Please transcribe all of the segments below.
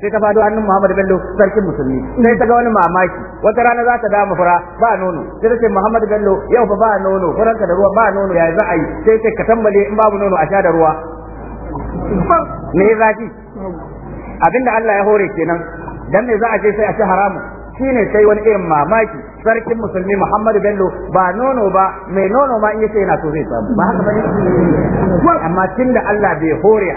sai ta fado hannun Muhammad Bello sarkin musulmi sai ta ga wani mamaki wata rana za ta dama fura ba nono sai ta ce Muhammad Bello yau fa ba nono furanka da ruwa ba nono ya za a yi sai ta ka tambale in babu nono a sha da ruwa me zaki abinda Allah ya hore kenan dan me za a ce sai a ci haramun ne sai wani irin mamaki sarkin musulmi Muhammadu Bello ba nono ba mai nono ma in yace yana so zai samu ba haka bane amma da Allah bai hore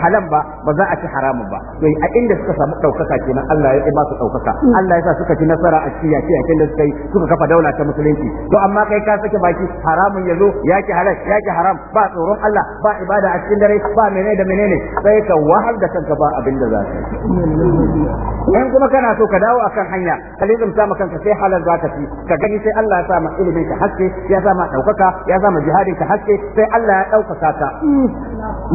halal ba ba za a ci haramun ba to a inda suka samu daukaka kenan Allah ya ba su daukaka Allah ya sa suka ci nasara a ciya ciya kin da suka yi suka kafa daula ta musulunci to amma kai ka sake baki haramun yazo yaki halal yaki haram ba tsoron Allah ba ibada a cikin dare ba menene da menene sai ka wahal da kanka ba abin da za ka yi in kuma kana so ka dawo akan hanya ka lizumta maka kanka sai halal za ka ci ka gani sai Allah ya sa ma ilimin ka haske ya sa ma daukaka ya sa ma jihadin ka haske sai Allah ya daukaka ka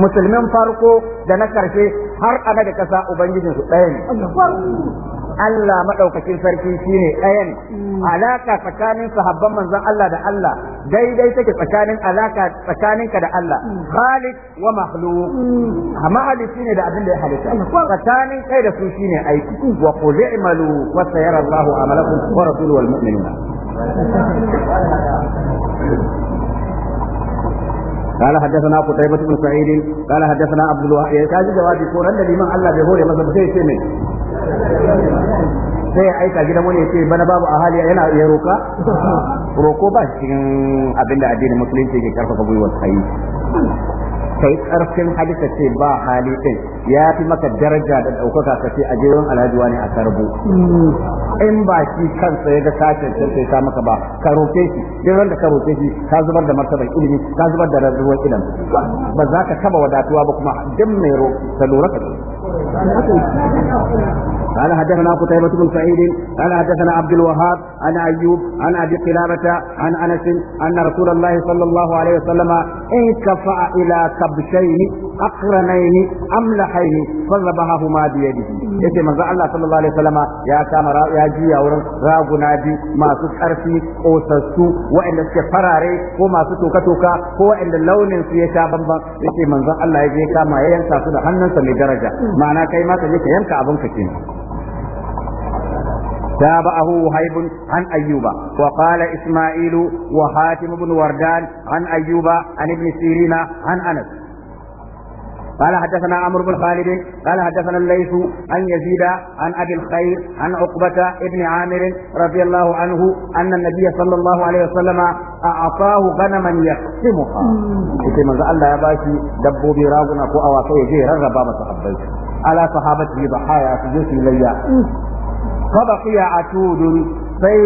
musulmin farko da na karshe har ana da kasa ubangijin su ɗayan. ne Allah maɗaukakin sarki ne ɗayan alaka tsakanin sahabban manzon Allah da Allah daidai take tsakanin alaka tsakaninka da Allah Khalid wa makhluq amma shi ne da abin da ya halitta tsakanin kai da su shi ne aiki wa qul i'malu wa sayara a amalakum wa rasuluhu wal mu'minuna قال حدثنا قتيبة بن سعيد قال حدثنا عبد الواحد كان جوابي كورن da liman Allah bai hore masa sai ce mai sai aika gidan wani ce bana a hali yana ya roka roko ba cikin abinda musulunci ke karfafa gwiwar sayi kai karfin hali ce ba hali din ya fi maka daraja da daukaka ka ce a je wurin alhaji wani a karbo in ba shi kansa ya ga sace sai ka maka ba ka roke shi duk wanda ka roke shi ka zubar da martaba ilimi ka zubar da rarruwar ilimi ba za ka taba wadatuwa ba kuma duk mai roƙo ka lura ka قال حدثنا قتيبة بن سعيد قال حدثنا عبد الوهاب عن أيوب عن أبي قلابة عن أنس أن رسول الله صلى الله عليه وسلم انكفأ إلى كبشين أقرنين أملحين فذبحهما بيده yace manzo Allah sallallahu alaihi wasallama ya kama ya juya wurin raguna biyu masu ƙarfi kosassu waɗanda suke farare ko masu toka-toka ko waɗanda launin su ya sha ya ce manzo Allah ya je ya yanka su da hannunsa ne daraja ma'ana kai ma ka je ka yanka abin ka kenan تابعه وهيب عن أيوب وقال إسماعيل وحاتم بن وردان عن أيوب عن ابن سيرين عن أنس قال حدثنا عمرو بن خالد قال حدثنا الليث عن يزيد عن ابي الخير عن عقبه بن عامر رضي الله عنه ان النبي صلى الله عليه وسلم اعطاه غنما يقسمها. كما الله يا باشي دبوا براغنا كو اواكي جيرا ربا ما ala sahabati dhahaya su je su layya fa baqiya atudun sai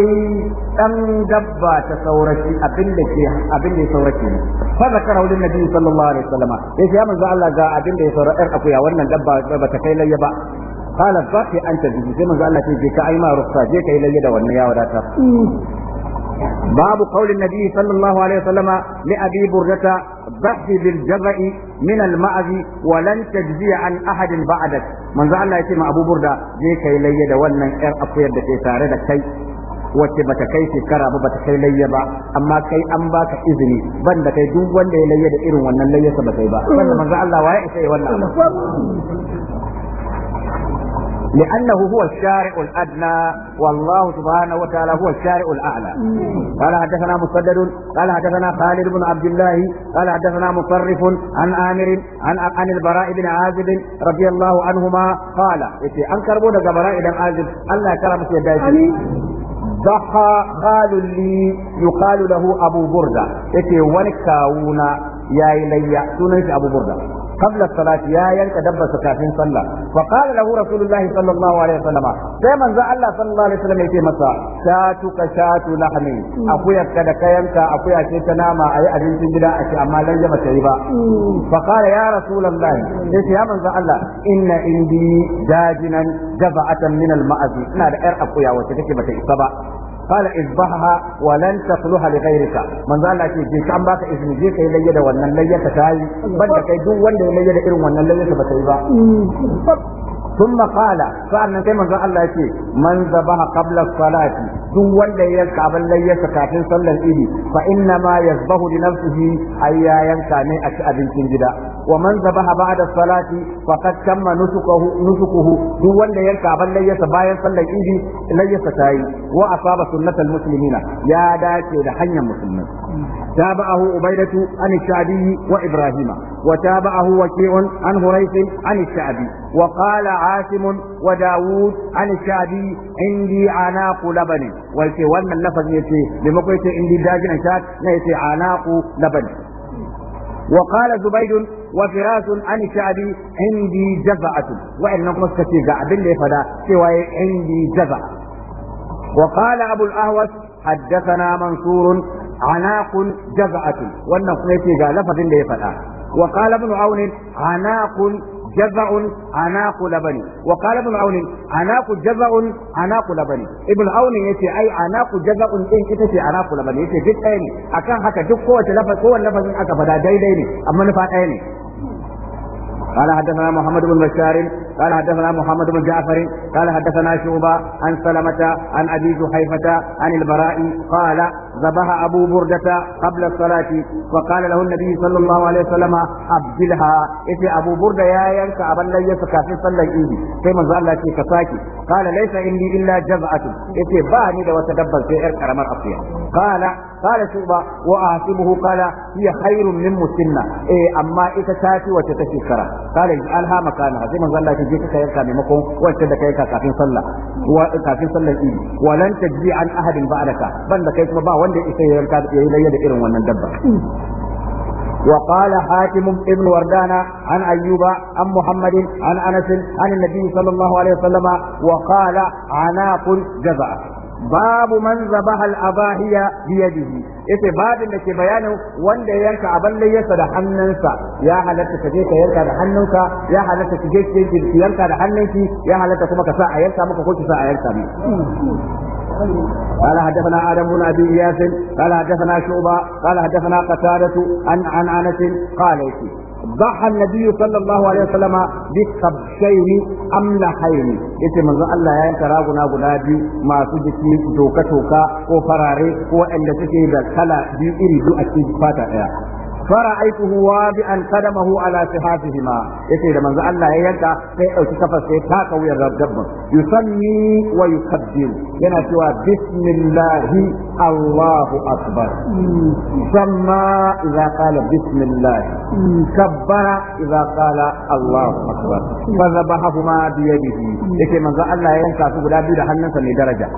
ɗan dabba ta saurashi abinda ke abinda ya saurashi ne fa zakara wulin nabi sallallahu alaihi wasallam sai ya manzo Allah ga da ya saurashi yar akuya wannan dabba ba ta kai layya ba qala baqi anta bihi sai manzo Allah ce je ka aima ruksa je kai layya da wannan ya wadata باب قول النبي صلى الله عليه وسلم لأبي بردة بحث بالجبأ من المعز ولن تجزي عن أحد بعدك من زعل الله يتم أبو بردة جيك إلي دولنا إر أطير دكي da كي wacce bata kai shekara ba bata kai layya ba amma kai an baka izini banda kai duk wanda ya layya da irin wannan layyarsa ba kai ba banda manzo Allah waye sai لأنه هو الشارع الأدنى والله سبحانه وتعالى هو الشارع الأعلى قال حدثنا مسدد قال حدثنا خالد بن عبد الله قال حدثنا مصرف عن آمر عن عن البراء بن عازب رضي الله عنهما قال إتي أنكر بودا براء بن عازب الله كرمك يا ضحى قال لي يقال له أبو بردة إتي ونكاونا يا إلي سنة أبو بردة قبل الصلاة يا ينك دب سكافين صلى فقال له رسول الله صلى الله عليه وسلم سيما زع الله صلى الله عليه وسلم يتي مسا شاتك شات لحم أخويا كذا كينك أخويا شيت ناما أي أبين تنجدا أشي أما لن يبا شيبا فقال يا رسول الله يتي يا من زع الله إن عندي داجنا جبعة من المأذي نادى أخويا وشتكي بتي qala izbaha wa lan taqluha li ghayrika manzo Allah ce je an baka izini je kai wannan layya ka tayi banda kai duk wanda ya layya da irin wannan layya ba ta yi ba ثم قال فأنا كما قال الله يتي من ذبح قبل الصلاة دون ولا يلقى بل ليس كافر صلى الإيدي فإنما يذبح لنفسه أيا a من أشأب gida. ومن ذبح بعد الصلاة فقد تم نسكه نسكه duk wanda ya kaban layyasa bayan sallar idi layyasa tayi wa asaba sunnatal muslimina ya dace da hanyar musulmai تابعه عبيدة عن الشعبي وإبراهيم وتابعه وكيع عن هريث عن الشعبي وقال عاصم وداود عن الشعبي عندي عناق لبن ويتي وانا اللفظ يتي لما قلت عندي داجن شاك نيتي عناق لبن وقال زبيد وفراس عن الشعب عندي جزعة وإن نقمت كثير أبن لي فدا سوى عندي جزعة وقال أبو الأهوس حدثنا منصور عناق جزعة والنقمة قال لفظ لي فدا وقال ابن عون عناق جزع عناق لبني وقال ابن عون عناق جزع عناق لبني ابن عون yace ai anaku jaza'un din ita ce anaku labani yace duk ɗaya ne akan haka duk kowace lafazi kowace lafazin aka fada daidai ne amma nufa ɗaya ne قال حدثنا محمد بن بشار قال حدثنا محمد بن جعفر قال حدثنا شعبة عن سلمة عن أبي جحيفة عن البراء قال ذبح أبو بردة قبل الصلاة فقال له النبي صلى الله عليه وسلم أبدلها إذا أبو بردة يا ينك أبن لي فكافي صلى إيدي كما قال لك كساكي قال ليس إني إلا جزعة إذا باني لو تدبر في إرك رمى الأصيح قال قال شعبة وأعتبه قال هي خير من مسنة إيه أما إذا تاتي وتتشكرة قال اجعلها مكانها زي ما قال لك جيك كيركا ممكن وتدك كيركا كافي صلى كافي صلى إيدي ولن تجزي عن أحد بعدك بل كيف ما wanda isa ya yanka yi layya da irin wannan dabba وقال حاتم بن وردان عن أيوب عن محمد عن أنس عن النبي صلى الله عليه وسلم وقال عناق جزع باب من ذبح الأباهية بيده yace babin da ke bayanin wanda ya yanka abin layyarsa da hannunsa ya halatta ka je ka yanka da hannunka ya halatta ka je ka yanka da hannunki ya halarta kuma ka sa a maka ko ki sa a yanka قال حدثنا ادم بن ابي اياس قال حدثنا شعبه قال حدثنا قتاده عن عن انس قال ضحى النبي صلى الله عليه وسلم بالصبشين amlahaini yace manzo Allah ya yanka raguna guda biyu masu jiki doka toka ko farare ko waɗanda suke da kala biyu iri biyu a cikin fata ɗaya فرأيته واضعا قدمه على صحافهما يتي da manzo Allah ya yanka sai dauki kafar sai ta kawuyar rabban yusanni wa yukabbiru yana cewa bismillahi Allahu akbar samma idza qala bismillah kabbara idza qala Allahu akbar fa zabahuma bi yadihi yake manzo Allah ya yanka guda biyu da hannunsa ne daraja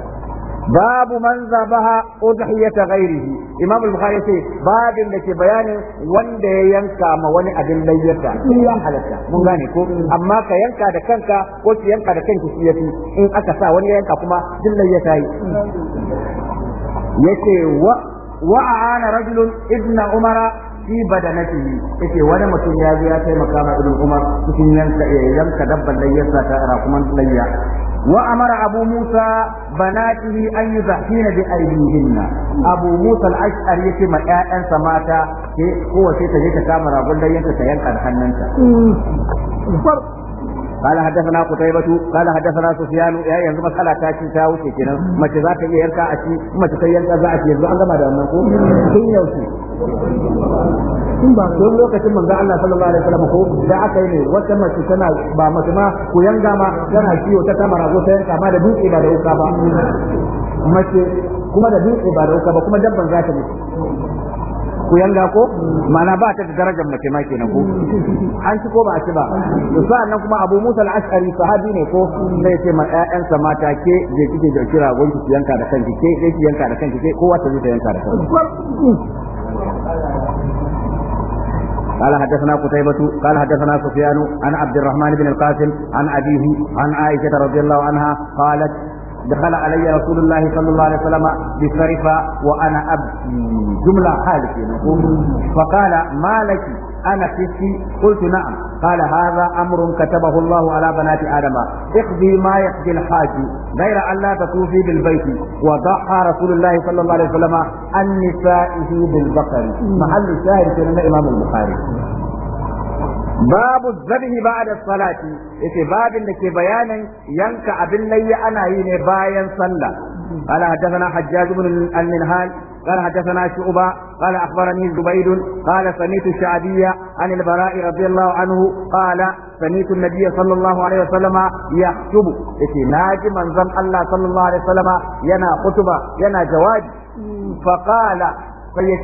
babu man zabaha udhiyata ghairihi imam al-bukhari sai babin da ke bayanin wanda ya yanka ma wani abin layyata ya halatta mun gane ko amma ka yanka da kanka ko ki yanka da kanki shi yafi in aka sa wani yanka kuma din layyata yi yace wa wa ana rajulun ibna umara fi badanatihi yace wani mutum ya zo ya taimaka ma ibn umar cikin yanka ya yanka dabban layyarsa ta rakuman layya وأمر أبو موسى بناته أن يزحين بأيديهن أبو موسى الأشعري كما أن سماتا هو شيء تجيك كاميرا قل لي أنت سينقل حننك قال حدثنا قتيبة قال حدثنا سفيان يا يزم مسألة تاكي تاو كينا ما تزاك يركا أشي ما كان يركا زاك يزم أنت ما yanka za كين يوشي don lokacin manzo Allah sallallahu alaihi wasallam ko da aka yi ne wata mace tana ba mace ma ko yanga ma tana ciwo ta tamara rago ta yanka ma da dutse ba da uka ba mace kuma da dutse ba da uka ba kuma dabban za ta yanga ko mana ba ta da darajar mace ma kenan ko an ci ko ba a ci ba to sa'annan kuma Abu Musa al-Ash'ari sahabi ne ko sai ce ma ƴaƴansa mata ke je kike da kira gonki ki yanka da kanki ke ke ki yanka da kanki ke kowa ta yanka da kanki قال حدثنا قتيبة قال حدثنا سفيان عن عبد الرحمن بن القاسم عن أبيه عن عائشة رضي الله عنها قالت دخل علي رسول الله صلى الله عليه وسلم بصرفة وأنا أبكي جملة حالك فقال ما لك أنا تبكي قلت نعم قال هذا أمر كتبه الله على بنات آدم اقضي ما يقضي الحاج غير أن لا تطوفي بالبيت وضحى رسول الله صلى الله عليه وسلم عن نسائه بالبقر محل الشاهد في الإمام البخاري babu zabhi ba'da salati yace babin da ke bayanin yanka abin layya ana yi ne bayan sallah قال حدثنا حجاج بن المنهال قال حدثنا شعبة قال أخبرني زبيد قال سميت الشعبي عن البراء رضي الله عنه قال سميت النبي صلى الله عليه وسلم يخطب إتي ناجي من الله صلى الله عليه وسلم ينا خطبة ينا جواد فقال sai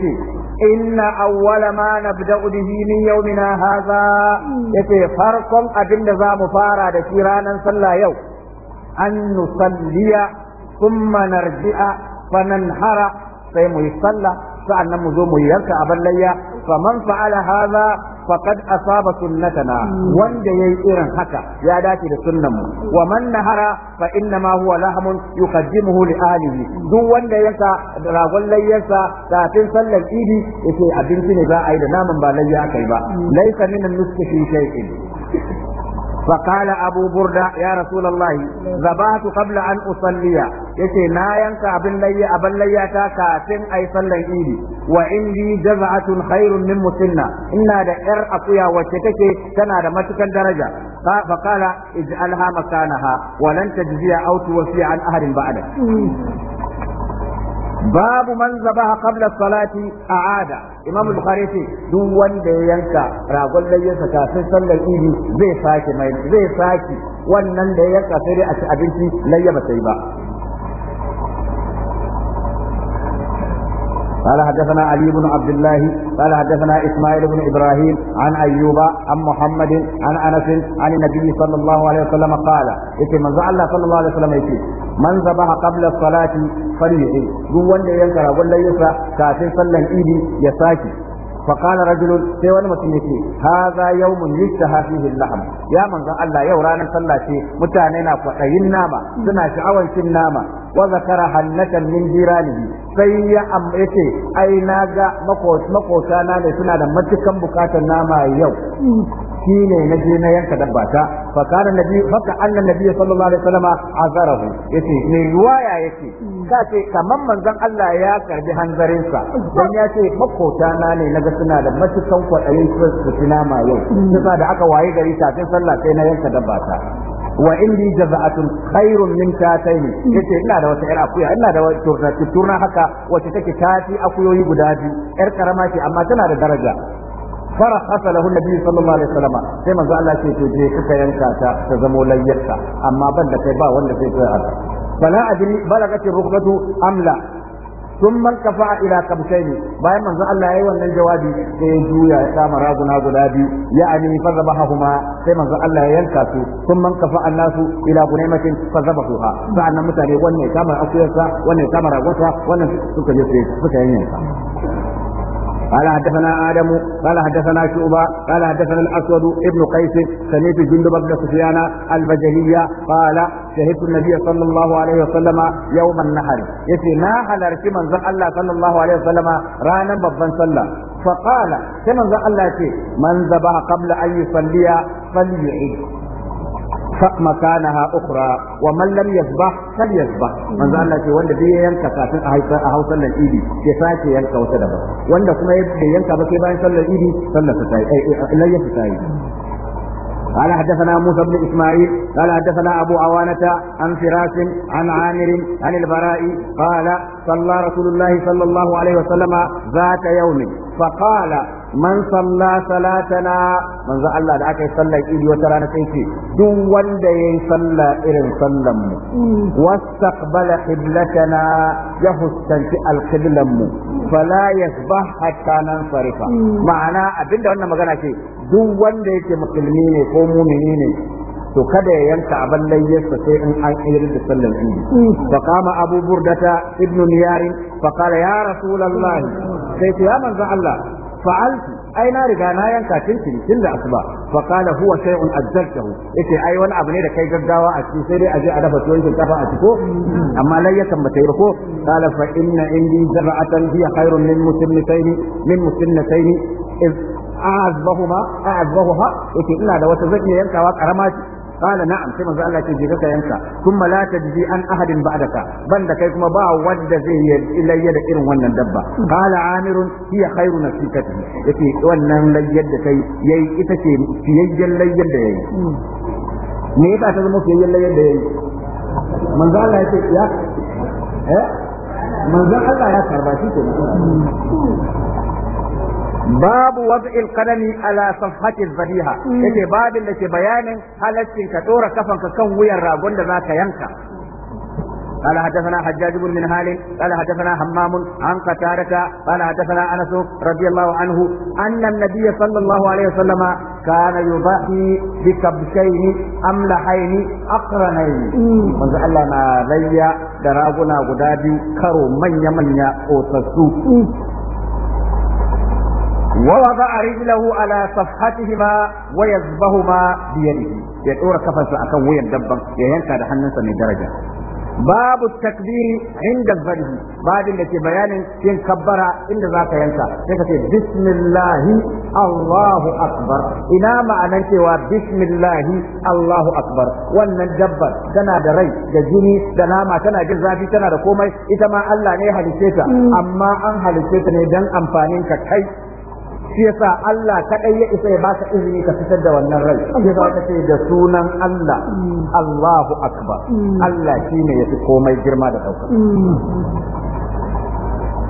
ce inna awwala ma nabda'u bihi min yawmina hadha yace farkon abin da za mu fara da shi ranar sallah yau an nusalliya thumma narji'a fa nanhara sai mu yi sallah sa'annan mu zo mu yi yanka abin layya faman fa'ala hadha faqad sunnata na. wanda ya yi irin haka ya dace da sunnan mu wa man nahara fa inna ma huwa lahmun yuqaddimuhu li ahlihi duk wanda yasa ragon layyarsa kafin sallar idi a binci ne za a yi da naman ba layya akai ba laysa min an-nusuki shay'in فقال أبو بردة يا رسول الله ذبحت قبل أن أصلي يتي نا ينكا أبن لي أبن لي كاتن أي صلى إيدي وعندي جزعة خير من مسنة إنا دا إر أقيا وشتكي كنا دا متكا درجة فقال اجعلها مكانها ولن تجزي أو توفي عن أهل بعدك babu man zabaha qabla salati a'ada imam bukhari ce duk wanda ya yanka ragon layyarsa kafin sallar iri zai sake wannan da ya yanka sai a ci abinci layya ba sai ba قال حدثنا علي بن عبد الله قال حدثنا إسماعيل بن إبراهيم عن أيوب عن محمد عن أنس عن النبي صلى الله عليه وسلم قال إتي من الله صلى الله عليه وسلم يتي من ذبح قبل الصلاة فليعيد دون وند ينكر ولا يسع كافر صلى الإيد يساكي فقال رجل سيوان متنيتي هذا يوم يشتهى فيه اللحم يا من الله يورانا صلى شيء متانينا فأين ناما سنا شعوان شناما wa zakara hannatan min jiranihi sai ya yace ai na ga makota na ne suna da matukan bukatar nama yau shine na je na yanka dabba ta fa kana nabi fa ka anna nabi sallallahu alaihi wasallam azarahu yace ne riwaya yake ka ce kaman manzon Allah ya karbi sa dan ya ce makota na ne naga suna da matukan kwadayin su su nama yau sai da aka waye gari ta sai sallah sai na yanka dabba ta wa indi jaza'atun ne. min ce yace ina da wata yar akuya ina da wata turna haka wacce take tafi akuyoyi guda biyu yar karama ce amma tana da daraja فرخص له النبي صلى الله عليه وسلم sai manzo Allah ce to je kika yanka ta ta zamo layyarka amma ban da kai ba wanda zai tsaya haka fala adri balagat ar-rukhbatu amla ila الكفاء الى قبسين باي Allah ya yi wannan jawabi sai ya juya ya kama raguna guda biyu ya'ani fazabahuma sai manzo Allah ya yanka su thumma kafa'a nasu ila gunaymatin fazabahuha sa'annan mutane wannan ya kama akuyarsa wannan ya kama ragonsa wannan suka je suka yanka قال حدثنا آدم قال حدثنا شعبة قال حدثنا الأسود ابن قيس سمعت جندب بن سفيان البجلية قال شهدت النبي صلى الله عليه وسلم يوم النحر يتي ما حلرت من زق الله صلى الله عليه وسلم رانا ببن صلى فقال كما زق الله من ذبح قبل أن يصلي فليعد مكانها أخرى ومن لم يذبح فليذبح من ذا الله wanda zai yanka kafin a hau sallar idi ke sake yanka wata daban wanda kuma ya yanka ba sai bayan sallar idi sallar ta yi layyar ta yi قال حدثنا موسى بن اسماعيل قال حدثنا ابو عوانة عن فراس عن عامر عن البراء قال صلى رسول الله صلى الله عليه وسلم ذات يوم فقال man salla salatana manzo Allah da aka yi sallar idi wata rana sai ce duk wanda yayi sallah irin sallan mu wastaqbala qiblatana ya hustanci alqiblan mu fala yasbah hatta nan sarifa ma'ana abinda wannan magana ce duk wanda yake musulmi ne ko mumini ne to kada ya yanka abin layyarsa sai in an irin da sallar idi fa kama abu burdata ibn niyar fa qala ya rasulullah sai ce ya manzo Allah fa'altu ai na riga na yanka cincin tun da asuba fa qala huwa shay'un ajjaltahu yace ai wani abu ne da kai gaggawa a cikin sai dai a je a dafa tuwon shinkafa a ciko amma lai yakan bata yi ko qala fa inna indi zar'atan hiya khairun min musinnatayn min musinnatayn iz a'azbahuma a'azbahuha yace ina da wata zan iya yankawa karama qala na'am sai manzo Allah ce je ka yanka kuma la tajzi an ahadin ba'daka banda kai kuma ba wanda zai yi irin wannan dabba qala amirun hiya khairu nasikati yace wannan layyar da kai yayi ita ce fiyayyen layyar da yayi me yasa ta zama fiyayyen layyar ya ce ya eh? Allah ya karba shi kenan babu wad'il qadami ala safhati dhabiha yake babin da ke bayanin halaccin ka dora kafanka kan wuyan ragon da zaka yanka قال حدثنا حجاج بن من هال قال حدثنا همام عن قتادة قال حدثنا أنس رضي الله عنه أن النبي صلى الله عليه وسلم كان يضحي بكبشين أملحين أقرنين منذ الله ما ذي دراغنا غدابي كرو من يمن يا أوتسو ووضع رجله على صفحتهما ويذبهما بيده يدور كفنسا أكن وين دبا يهنكا ده حننسا من درجة باب التكبير عند الذبح بعد اللي في بيان ين كبر عند ذاك ينسى بسم الله الله أكبر إنا معنى cewa بسم الله الله أكبر wannan dabbar tana da rai da jini da nama tana jin zafi tana da komai ita ma Allah ne halice ta amma an halice ta ne dan amfanin ka kai shi yasa Allah kadai ya isa ya ba ka izini ka fitar da wannan rai shi yasa ka ce da sunan Allah Allahu akbar Allah shi ne ya fi komai girma da dauka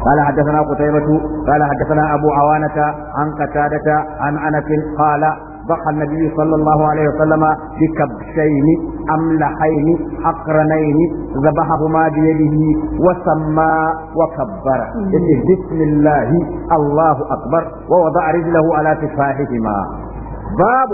قال حدثنا قتيبة قال حدثنا أبو عوانة عن قتادة عن أنس قال ضحى النبي صلى الله عليه وسلم بكبشين أملحين أقرنين ذبحهما بيده وسمى وكبر بسم الله الله أكبر ووضع رجله على كفاحهما باب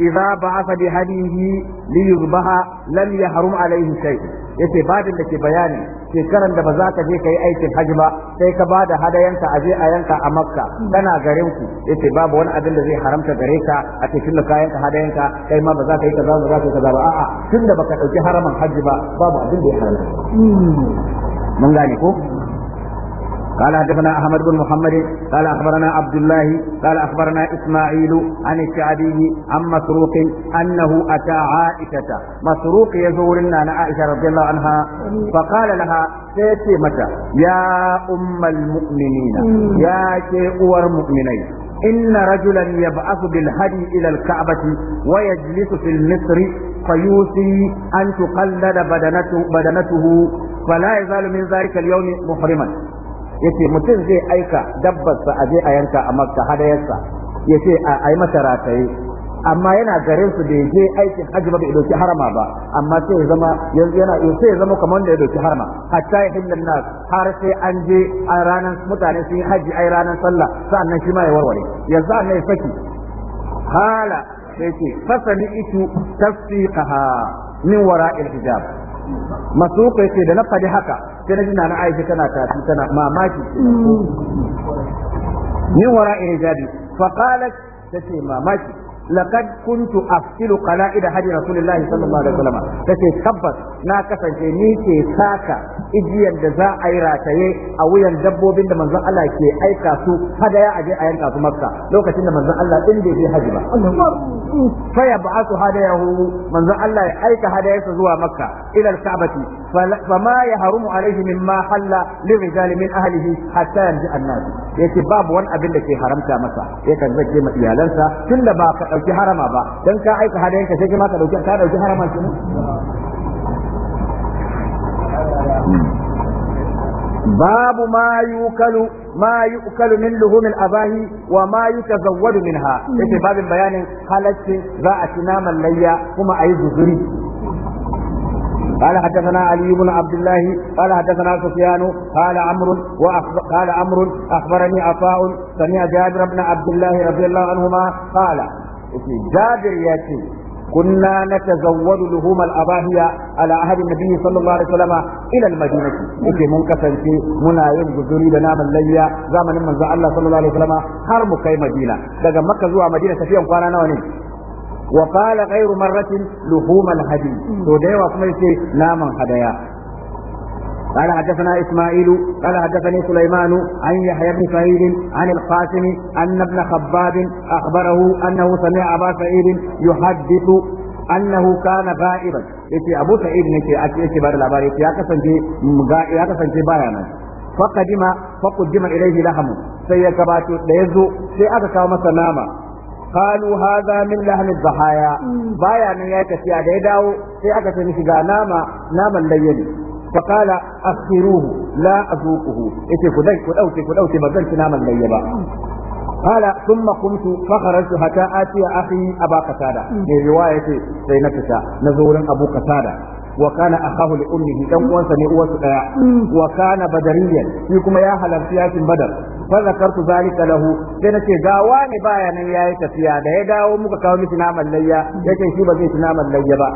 إذا بعث بهديه ليذبح لم يحرم عليه شيء يتي باب لك بياني shekaran da ba za ka je ka yi aikin hajji ba sai ka ba da hadayanka a je a yanka a makka tana garin ku yace babu wani abin da zai haramta gare ka a cikin da kayan ka hadayanka kai ma ba za ka yi kaza ba za ka yi kaza ba a'a tunda baka dauki haraman hajji ba babu abin da ya haramta hmm. mun gane ko قال حدثنا احمد بن محمد قال اخبرنا عبد الله قال اخبرنا اسماعيل عن الشعبي عن مسروق انه اتى عائشه مسروق يزور لنا عائشه رضي الله عنها فقال لها سيتي متى يا ام المؤمنين يا كي اور مؤمنين إن رجلا يبعث بالهدي إلى الكعبة ويجلس في المصر فيوصي أن تقلد بدنته, بدنته فلا يزال من ذلك اليوم محرما yace mutum zai aika dabbarsa a je a yanka a makka hadayarsa yace a yi mata rataye amma yana garin su bai je aikin hajji ba bai dauki harama ba amma sai zama yana sai zama kamar da ya dauki harama hatta ya hinna nas har sai an je a ranar mutane sun yi hajji ai ranar sallah sa'annan shi ma ya warware yanzu an yi saki hala sai ce fasali itu tasfiqaha min wara'il hijab masuka yace da na faɗi haka sai na ji na aiki tana tafi tana mamaki min wara irijabi fa qalat tace mamaki laqad kuntu afsilu qala'id hadi rasulillahi sallallahu alaihi wasallam tace tabbas na kasance ni ke saka igiyar da za a yi rataye a wuyan dabbobin da manzon Allah ke aika su hadaya aje a yanka su makka lokacin da manzon Allah din bai je haji ba fa ya ba'athu hadayahu manzon Allah ya aika hadayarsa zuwa makka ila al-ka'bati فما يحرم عليه مما حل للرجال من اهله حتى يرجع الناس yace babu wani abin da ke haramta masa yakan zai ma iyalansa tunda ba ka dauki harama ba dan ka aika hadayen ka sai ma ka dauki ka dauki harama ne babu ma yukalu ma yukalu min luhum al abahi wa ma الأباهي minha yace babin bayanin باب za a ci naman layya kuma ayi زهري قال حدثنا علي بن عبد الله قال حدثنا سفيان قال عمرو قال عمرو اخبرني عطاء سمع جابر بن عبد الله رضي الله عنهما قال yace jabir ya ce kunna natazawwadu luhum al-abahiya ala ahadi nabi sallallahu alaihi wasallam ila al-madinah mun kasance muna yin guzuri da naman layya zamanin manzo Allah sallallahu alaihi wasallam har mu kai madina daga makka zuwa madina tafiyan kwana nawa ne وقال غير مرة لحوم الهدي تو دايوا كما يتي naman hadaya قال حدثنا إسماعيل قال حدثني سليمان عن يحيى بن سعيد عن القاسم أن ابن خباب أخبره أنه سمع أبا سعيد يحدث أنه كان غائبا يتي أبو سعيد نكي أكي إتبار الأبار يتي يا كسنجي بايانا فقدم فقدم إليه لحم سيكباتو ليزو سيأكا مسناما قالوا هذا من لحم الضحايا بايا ne ya tafiya da ya dawo sai aka ce mishi ga nama naman layyani فقال أخروه لا أذوقه إيش كدي كدوتي كدوتي بزن تنام اللي با قال ثم قمت فخرجت حتى آتي أخي أبا قتادة من رواية سينتك نزولا أبو قتادة وكان أخاه لأمه دم وانسني أوسقيا وكان بدريا فيكم يا هلال في بدر فذكرت ذلك له سنتي غاواني بايا من يا تفيا ده داو muka kawo miki naman layya yake shi ba zai ci naman layya ba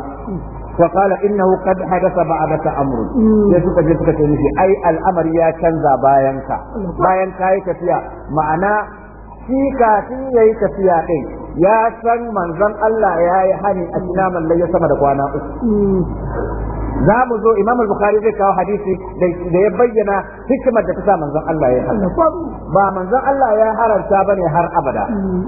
فقال إنه قد حدث بعدك أمر يسوك Ai تنشي ya canza يا كنزا Bayan ka yi tafiya معنى shi kafin ya yi tafiya ɗin ya san manzon Allah ya yi hani a naman lai ya sama da kwana uku za mu zo imam al-bukhari zai kawo hadisi da ya bayyana hikimar da ta sa manzon Allah ya haramta ba manzon Allah ya ba bane har abada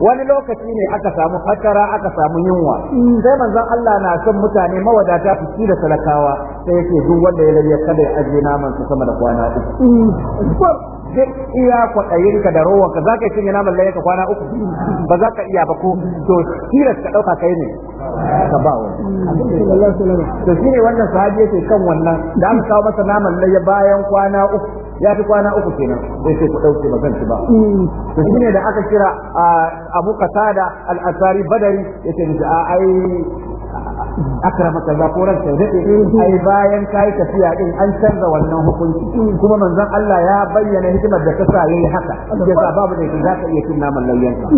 wani lokaci ne aka samu fatara aka samu yunwa sai manzon Allah na son mutane mawadata su ci da talakawa sai yake duk wanda ya lalle kada ya aje naman su sama da kwana uku duk iya ka da rowanka za ka yi cinye naman ka kwana uku ba za ka iya ba ko to tilas ka ɗauka kai ne ka ba wani to shi ne wannan sahabi yake kan wannan da aka kawo masa naman laye bayan kwana uku ya fi kwana uku kenan sai sai ku ɗauke ba zan ci ba to shi ne da aka kira abu kasada al-asari badari ni a ai akramaka za ko ranka dade ai bayan kai tafiya din an canza wannan hukunci kuma manzon Allah ya bayyana hikimar da ta sa yayi haka yasa babu da za ka iya cin naman layyanka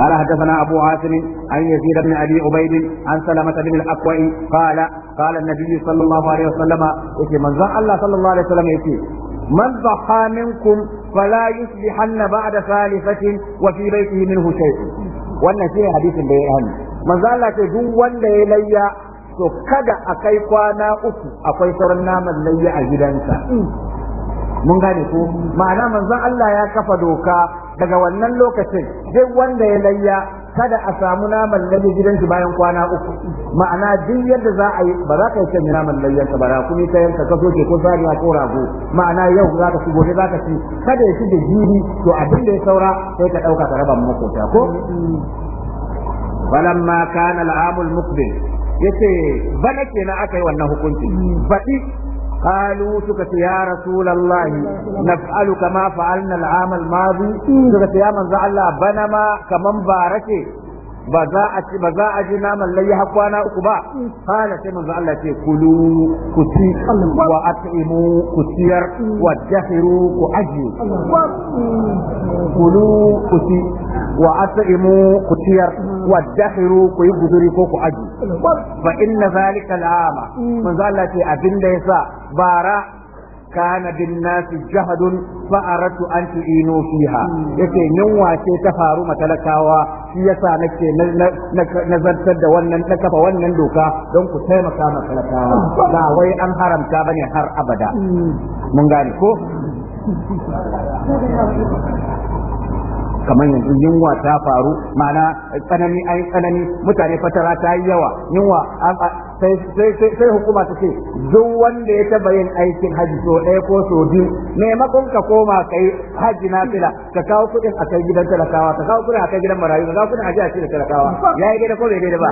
قال حدثنا أبو عاصم عن يزيد بن أبي عبيد عن سلمة بن الأكوع قال قال النبي صلى الله عليه وسلم إيه من الله صلى الله عليه وسلم إيه من ضحى منكم فلا يصبحن بعد ثالثة وفي بيته منه شيء وأن شيء حديث بيان manzo ce duk wanda ya layya to kada a kai kwana uku akwai sauran naman layya a gidansa mun gane ko ma'ana manzon Allah ya kafa doka daga wannan lokacin duk wanda ya layya kada a samu naman layya gidansa bayan kwana uku ma'ana duk yadda za a yi ba za ka yi cin naman layya ka bara kuma ta yanka ka soke ko sariya ko rago ma'ana yau za ka ci gobe za ka ci kada ya ci da jiri to abin da ya saura sai ka dauka ka raba makota ko falamma kana al'amul muqbil yace bana kenan aka yi wannan hukunci baɗi قالوا سكت يا رسول الله نفعل كما فعلنا العام الماضي سكت يا من زعل بنما كمن باركه ba za a ba za a ji naman layi har kwana uku ba kana sai manzo Allah ce kulu ku ci wa at'imu ku ciyar wa jahiru ku aji kulu ku ci wa at'imu ku ciyar waddahiru ku yi guduri ko ku aji fa inna zalika al'ama manzo Allah ce abinda yasa bara kana bin nasi jahadun fa aratu an tu'inu fiha yace yunwa ce ta faru matalakawa shi yasa nake nazartar da wannan na kafa wannan doka don ku taimaka matalakawa ba wai an haramta bane har abada mun gane ko kamar yanzu yunwa ta faru ma'ana tsanani ai tsanani mutane fatara ta yi yawa yunwa sai hukuma ta ce duk wanda ya taba yin aikin haji so ɗaya ko so biyu maimakon ka koma ka yi haji na fila ka kawo kuɗin a kai gidan talakawa ka kawo kuɗin a kai gidan marayu ka kawo kuɗin a ji cikin talakawa ya yi gida ko bai daidai ba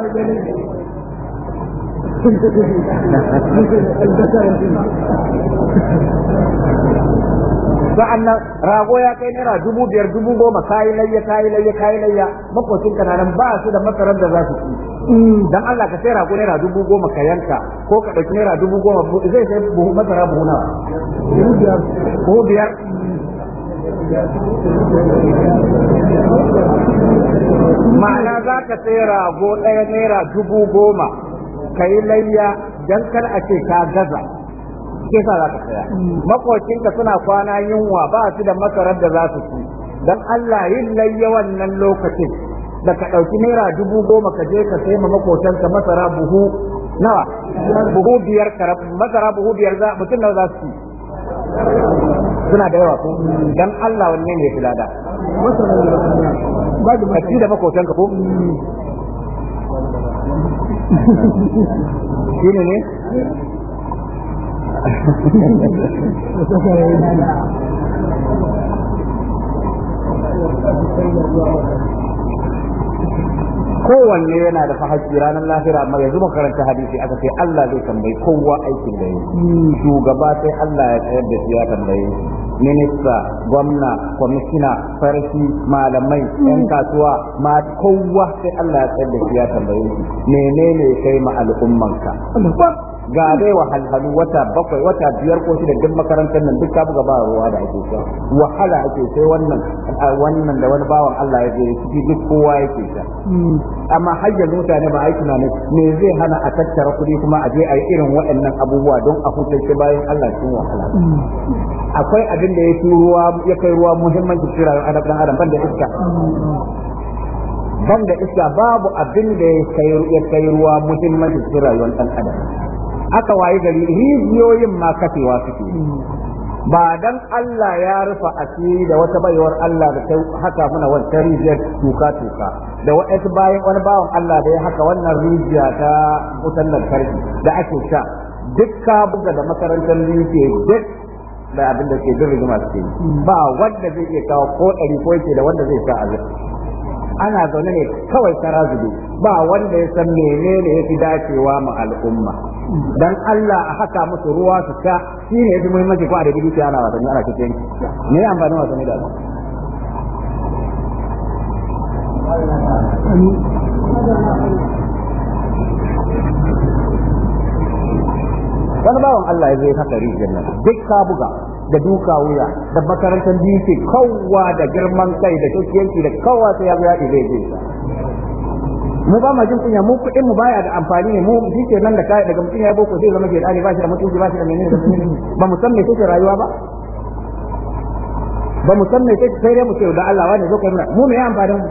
sa'an nan rago ya kai naira dubu biyar dubu goma kayi layya kayi layya kayi layya makwacin ka nan ba su da masarar da za su ci dan Allah ka sai rago naira dubu goma ka yanka ko ka ɗauki naira dubu goma zai sai buhu masara buhu nawa biyar ma'ana za ka sai rago ɗaya naira dubu goma ka yi layya dan kar a ce ka gaza ke sa za ka tsaya makocinka suna kwana yunwa ba su da masarar da za su ci dan Allah yin layya wannan lokacin da ka ɗauki naira dubu goma ka je ka sai ma makotanka masara buhu nawa buhu biyar masara buhu biyar za mutum nawa za su ci suna da yawa ko dan Allah Wani ne fi lada ka ci da makotanka ko shi ne ne kowanne yana da fahimci ranar lafiya amma yanzu makaranta hadisi aka ce Allah zai tambayi kowa aikin da yi shugaba sai Allah ya tsayar da shi ya tambayi minista gwamna kwamishina farki malamai yan kasuwa ma kowa sai Allah ya tsayar da shi ya tambayi menene kai ma al'ummanka ga dai wahalhalu wata bakwai wata biyar ko shida duk makarantar nan duk buga ba ruwa da ake sha wahala ake sai wannan wannan da wani bawan Allah ya je shi duk kowa yake sha amma har mutane ba aikina ne me zai hana a tattara kuɗi kuma a je a yi irin waɗannan abubuwa don a hutar bayan Allah cikin wahala akwai abin da ya ruwa ya kai ruwa muhimmanci cikin rayuwar dan adam ban da iska ban da iska babu abin da ya kai ruwa muhimmanci cikin rayuwar dan adam aka wayi gari rijiyoyin ma kafewa suke ba dan Allah ya rufa asiri da wata baiwar Allah da ta haka muna wannan rijiyar tuka tuka da wa'yansu bayan wani bawan Allah da ya haka wannan rijiya ta wutan lantarki da ake sha duk buga da makarantar rijiya duk da abin da ke jirgin masu ke ba wanda zai iya kawo ko ɗari ko yake da wanda zai sa a ana zaune ne kawai sarazudu ba wanda ya san menene fi dacewa ma al'umma dan Allah a haka musu ruwa su sha shine yafi muhimmanci ko a da dukiya ana wasanni ana cikin me amfani wasanni da wani bawan Allah ya zai haka rijiyar nan duk ka buga da duka wuya da makarantar dinki kowa da girman kai da kiyanci da kowa sai ya zo ya ɗibe zai mu ba ma jin kunya mu kuɗin mu baya da amfani ne mu shi nan da kai daga mutum ya boko sai zama ke da ba shi da mutunci ba shi da menene da menene ba mu san me take rayuwa ba ba mu san me take sai dai mu ce da Allah wani zo kai mu me ya mu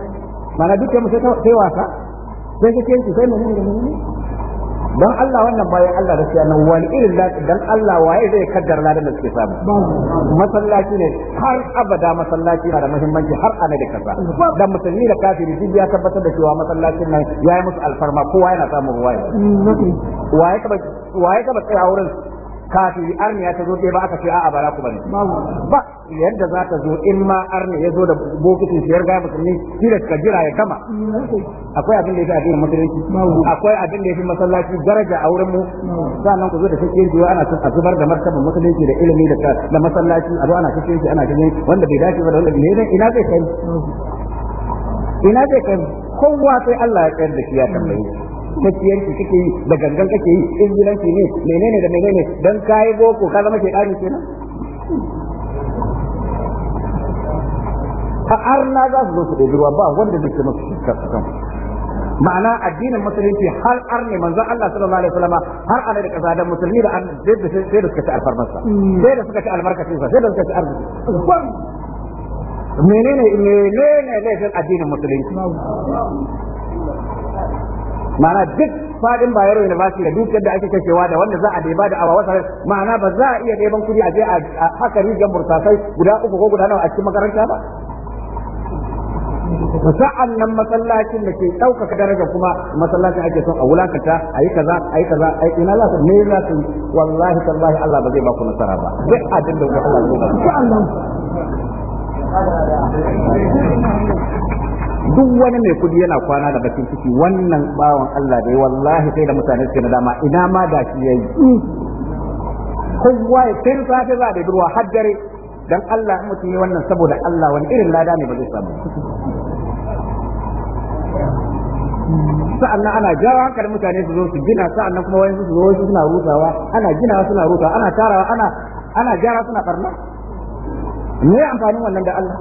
mana dukkan mu sai wasa sai kiyanci sai menene da menene don Allah wannan bayan Allah da siya nan wani irin lati dan Allah waye zai kaddara ladan da suke samu masallaci ne har abada masallaci na da muhimmanci har ana da kasa. dan musulmi da kafiri duk ya tabbatar da cewa masallacin nan yayi musu alfarma kowa yana samun ruwaya mm, waye ka waye ka tsaya wurin kafin arniya ta zo ɗaya ba aka ce a'a ba ku bane ba yadda za ta zo in ma arni ya zo da bokitin ya ga musulmi shi da jira ya kama. akwai abin da ya fi addinin musulunci akwai abin da ya fi masallaci daraja a wurin mu sannan ku zo da cikin jiwa ana son a zubar da martaban musulunci da ilimi da da masallaci a zo ana cikin shi ana cikin wanda bai dace ba da wanda bai ina zai kai ina zai kai kowa sai Allah ya tsayar da shi ya tambaye maciyanci kake yi da gangan kake yi ingilanci ne menene da menene don kayi boko ka zama ke kari kenan a na za su zo su ɗebi ruwa ba wanda zai ce masu kan ma'ana addinin musulunci har arne manzon Allah sallallahu alaihi wasallam har ana da kasa da musulmi da annabi sai da suka ci alfarmarsa sai da suka ci sa, sai da suka ci arziki menene menene ne addinin musulunci ma'ana duk fadin bayero university da dukiyar da ake kashewa da wanda za a deba da awa wasa ma'ana ba za a iya deban kudi a je a haka rijiyar murtasai guda uku ko guda nawa a cikin makaranta ba sa'an nan masallacin da ke ɗaukaka daraja kuma masallacin ake son a wulakata a yi kaza a yi kaza a ina za su ne za wallahi tallahi Allah ba zai ba ku nasara ba duk abin da kuka Allah ba duk wani mai kudi yana kwana da bakin ciki wannan bawan Allah dai wallahi sai da mutane suke na dama ina ma da shi yayi kowa ya sai safe za da ruwa haddare dan Allah mutum yi wannan saboda Allah wani irin lada ne ba zai samu sa'annan ana jawo da mutane su zo su gina sa'annan kuma wani su zo su suna rutawa ana ginawa suna rutawa ana tarawa ana ana suna barna me amfanin wannan da Allah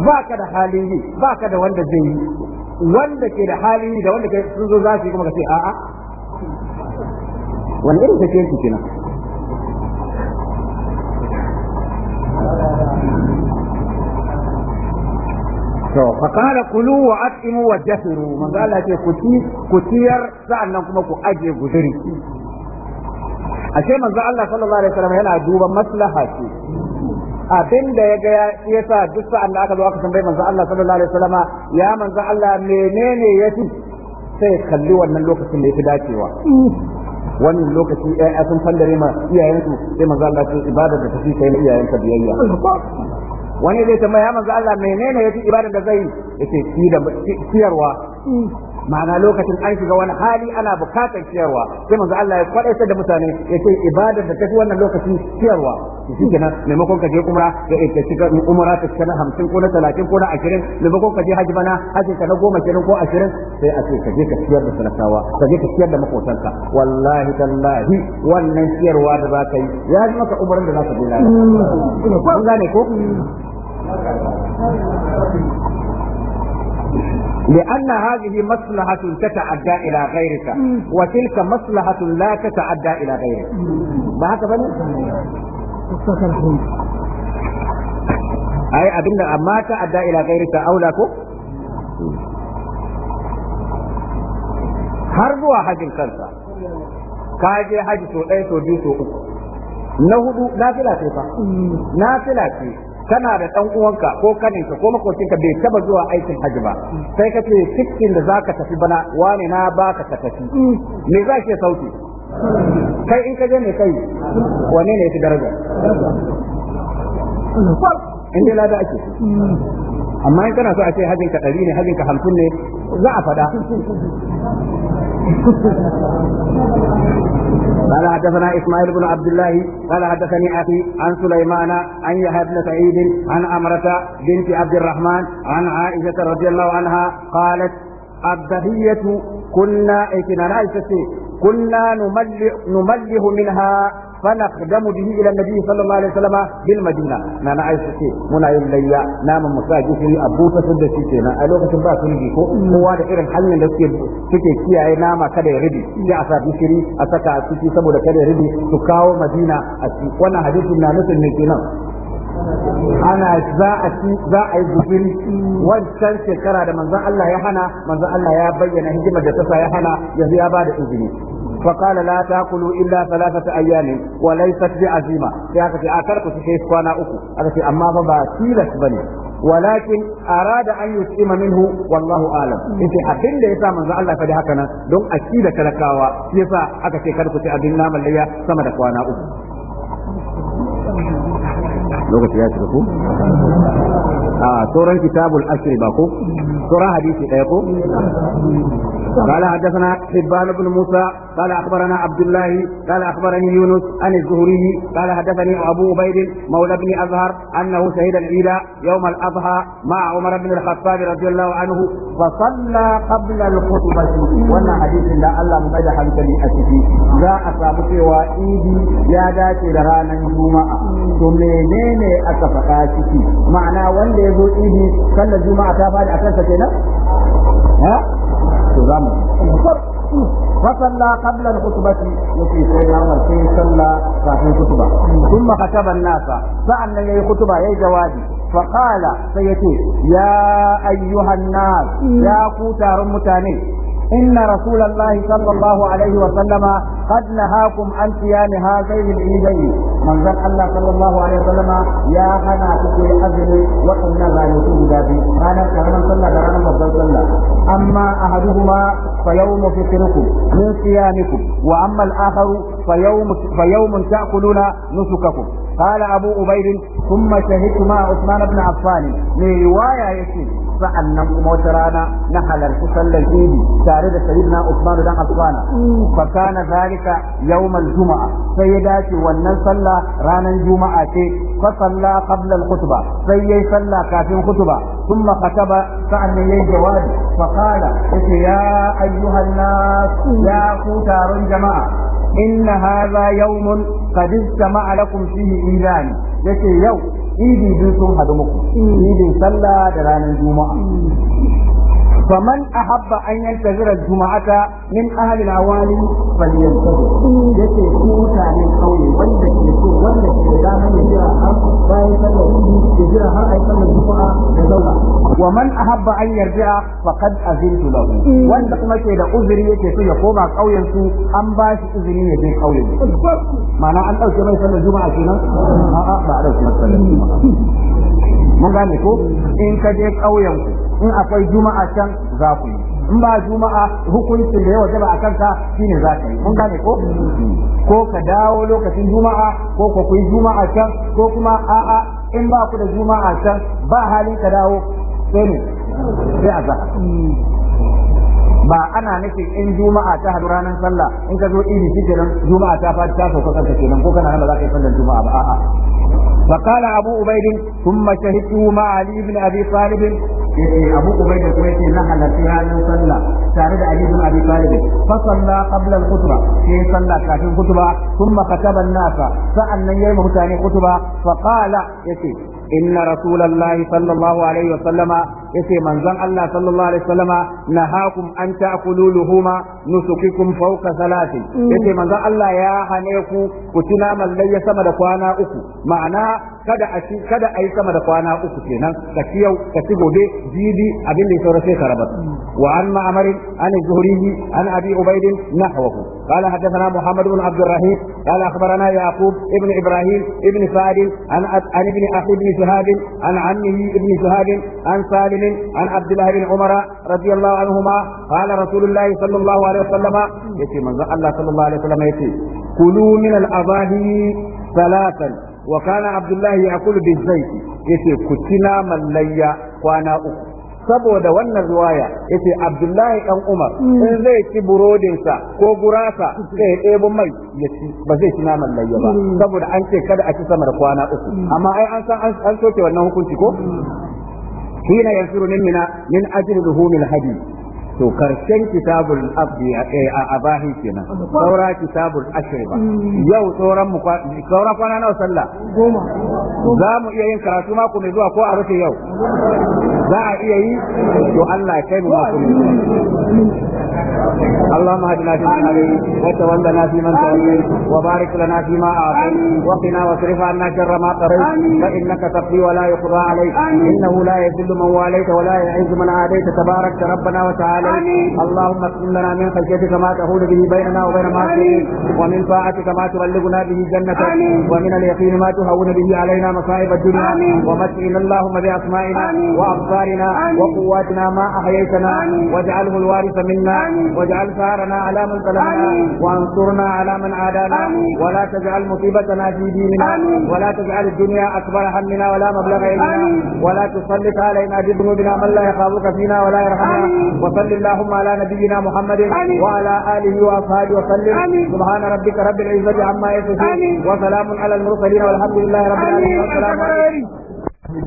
ba ka da halin yi ba ka da wanda zai yi wanda ke da halin yi da wanda ke sun zo za su yi kuma ka ce a'a wani irin ta ce kina. to fa kana kulu wa atimu wa jahiru manzo ce ku ci ku ciyar sa'annan kuma ku aje guduri ashe manzo Allah sallallahu alaihi wasallam yana duba maslaha ce abin da ya gaya ya sa duk sa'an da aka zo aka tambayi manzo Allah sallallahu alaihi wasallama ya manzo Allah menene ya fi sai kalli wannan lokacin da ya fi dacewa wannan lokaci ƴaƴa eh, sun fallare ma iyayensu sai manzo Allah ya ibada da tafi kai na iyayenka biyayya wani zai tambaya ya manzo Allah menene ya fi ibada da zai yace ciyarwa ma'ana lokacin an shiga wani hali ana bukatar ciyarwa sai manzo Allah ya kwadaita da mutane ce ibadar da tafi wannan lokacin ciyarwa shi kenan maimakon ka je umra da ka shiga umra ka shiga hamsin ko na 30 ko na 20 maimakon ka je haji bana haji ka na goma kenan ko 20 sai a ce ka je ka ciyar da talakawa ka je ka ciyar da makotanka wallahi tallahi wannan ciyarwa da za ka yi ya ji maka umran da za ka je lafiya ko لأن هذه مصلحة تتعدى إلى غيرك وتلك مصلحة لا تتعدى إلى غيرك ما هذا هكذا أي أبنى أما تعدى إلى غيرك أو لك هربوا حج الكرسة كاجي حج سوء سوء سوء ɗaya so biyu so uku na hudu na kana da ɗan uwanka ko kaninka ko makocinka bai taba zuwa aikin hajji ba sai ka ce cikin da zaka tafi bana wani na baka ka tafi me za ke sauki kai in ka je ne kai wane ne ya fi daraja in ake amma in kana so a ce hajjinka ɗari ne hajjinka hamsin ne za a faɗa قال حدثنا اسماعيل بن عبد الله قال حدثني اخي عن سليمان عن يحيى بن سعيد عن امرة بنت عبد الرحمن عن عائشة رضي الله عنها قالت الدهية كنا إيه كنا نملئ نملح منها فنخدم به الى النبي صلى الله عليه وسلم بالمدينه na na aisha ce muna yin layya naman musa gishiri a ta da shi kenan a lokacin ba su rubi kowa da irin hanyar da suke suke kiyaye nama kada ya rubi Ya a sa gishiri a saka a ciki saboda kada ya rubi su kawo madina a ciki wannan hadisin na nufin ne kenan ana za a ci za a yi guzuri wancan shekara da manzon Allah ya hana manzon Allah ya bayyana hikimar da ta sa ya hana yanzu ya ba da izini فقال لا تاكلوا الا ثلاثه ايام وليست بعزيمه sai aka ce a karku su sai kwana uku aka ce amma fa ba tilas bane walakin arada an yusima minhu wallahu alam yace abin da yasa manzo Allah fa da haka nan don akida talakawa yasa aka ce karku ci abin naman layya sama da kwana uku lokaci ya shiga ko a sauran kitabul ashri ba hadisi ɗaya ko قال حدثنا حبان بن موسى قال اخبرنا عبد الله قال اخبرني يونس عن الزهري قال حدثني ابو عبيد مولى بن ازهر انه شهد العيد يوم الاضحى مع عمر بن الخطاب رضي الله عنه فصلى قبل الخطبه وانا حديث لا الله مبدا hankali a ciki za a samu cewa idi ya dace da ranar juma'a to menene aka faɗa ciki ma'ana wanda ya zo idi sallar juma'a ta faɗi a kansa kenan zamu فصلى قبل الخطبة وفي سيدنا عمر في صلى في الخطبة ثم خطب الناس فأن يي خطبة يي جوادي فقال سيتي يا أيها الناس يا كوتار متاني إن رسول الله صلى الله عليه وسلم قد نهاكم عن صيام هذين العيدين من ذن الله صلى الله عليه وسلم يا هنا تكي أزل وقلنا لا يكون ذاتي أنا كرما صلى درانا مبدل صلى أما أحدهما فيوم فطركم من صيامكم وأما الآخر فيوم فيوم تأكلون نسككم قال أبو أبيد ثم شهدت مع عثمان بن عفان من رواية يسير sa'annan kuma wata rana na halarci sallar idi tare da sayyidina Usman dan Affan fa kana zalika yawm sai ya dace wannan sallah ranar juma'a ce fa salla qabla al-khutba sai yayi sallah kafin khutba thumma kataba sa'annan yayi jawabi fa qala ya ayyuhan nas ya ku taron jama'a inna hadha yawmun qad istama'a lakum fihi ilani yace yau idi du sun hadu muku idi sallah da ranar juma'a fa man ahabba an yantazira juma'ata min ahli alawali fa liyantazira yake ku ta ne kauye wanda ke wanda ke da mana jira har bayan sallar kudu ke jira har sallar da zauna wa man ahabba an yarji'a faqad azintu lahu wanda kuma ke da uzuri yake so ya koma kauyen su an ba shi izini ya je kauyen ma'ana an dauke mai sallar juma'a kenan a'a ba a dauke sallar juma'a mun gane ko in ka je kauyen ku in akwai juma'a can za ku yi in ba juma'a hukuncin da ya wajaba a kanka shine za ka yi mun gane ko ko ka dawo lokacin juma'a ko ku yi juma'a can ko kuma a'a in ba ku da juma'a can ba halin ka dawo sai ne sai azhar ba ana nufin in juma'a ta hadu ranar sallah in ka zo iri shi juma'a ta fadi ta sauka kanka kenan ko kana ba za ka yi sallar juma'a ba a'a فقال أبو عبيد ثم شهدته مع علي بن أبي طالب yace abu ubaida kuma yace na halarci ranar sallah tare da ali bin abi talib fa salla qabla al khutba sai sallah kafin khutba thumma kataba an ya sa'annan yayi mutane khutba fa qala yace inna rasulullahi sallallahu alaihi wa sallama yace manzon Allah sallallahu alaihi wasallama nahakum an ta'kulu luhuma nusukikum fawqa salati mm. yace manzon Allah ya hane ku ku ci naman layya sama da kwana uku ma'ana kada a ci kada a yi sama da kwana uku kenan ka ci yau ka ci gobe jidi abin da ya saura sai ka rabar mm. wa an ma'amar an zuhrihi an abi ubaid nahwahu قال حدثنا محمد بن عبد الرحيم قال اخبرنا يعقوب ابن ابراهيم ابن سعد عن ابن اخي ابن شهاب عن عمه ابن شهاب عن سالم مسلم عن عبد الله بن عمر رضي الله عنهما قال رسول الله صلى الله عليه وسلم يتي من الله صلى الله عليه وسلم يتي كلوا من الأضاحي ثلاثا وكان عبد الله يأكل بالزيت يتي كتنا من ليا وانا أكل saboda wannan riwaya yace Abdullahi dan Umar in zai ci burodin sa ko gurasa sai ya ɗebo mai ya ci ba zai ci naman layya ba saboda an ce kada a ci sama da kwana uku amma ai an san an soke wannan hukunci ko hina yanfiru min mina min ajli luhumil hadi to karshen kitabul abdi eh, a abahi kenan saura kitabul ashriba hmm. yau sauran mu saura kwana nawa sallah za mu iya yin karatu mako mai zuwa ko a rufe yau za a iya yi to Allah ya kai mu mako mai zuwa اللهم اهدنا فيمن هديت وتولنا فيمن توليت وبارك لنا فيما اعطيت وقنا واصرف عنا شر ما قضيت فانك تقضي ولا يقضى عليك انه لا يذل من واليت ولا يعز من عاديت تبارك ربنا وتعالى اللهم اكتب لنا من خشيتك ما تهود به بيننا وبين ما ومن طاعتك ما تبلغنا به جنتك ومن اليقين ما تهون به علينا مصائب الدنيا ومتعنا اللهم باسمائنا وابصارنا وقواتنا ما احييتنا واجعله الوارث منا واجعل ثارنا على من ظلمنا وانصرنا على من عادانا ولا تجعل مصيبتنا في ديننا ولا تجعل الدنيا اكبر همنا ولا مبلغ علمنا ولا تسلط علينا بذنوبنا من لا يخافك فينا ولا يرحمنا وصل اللهم على نبينا محمد وعلى اله واصحابه وسلم سبحان ربك رب العزه عما يصفون وسلام على المرسلين والحمد لله رب العالمين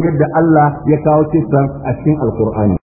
yadda Allah ya kawo kisan a cikin Alkur'ani.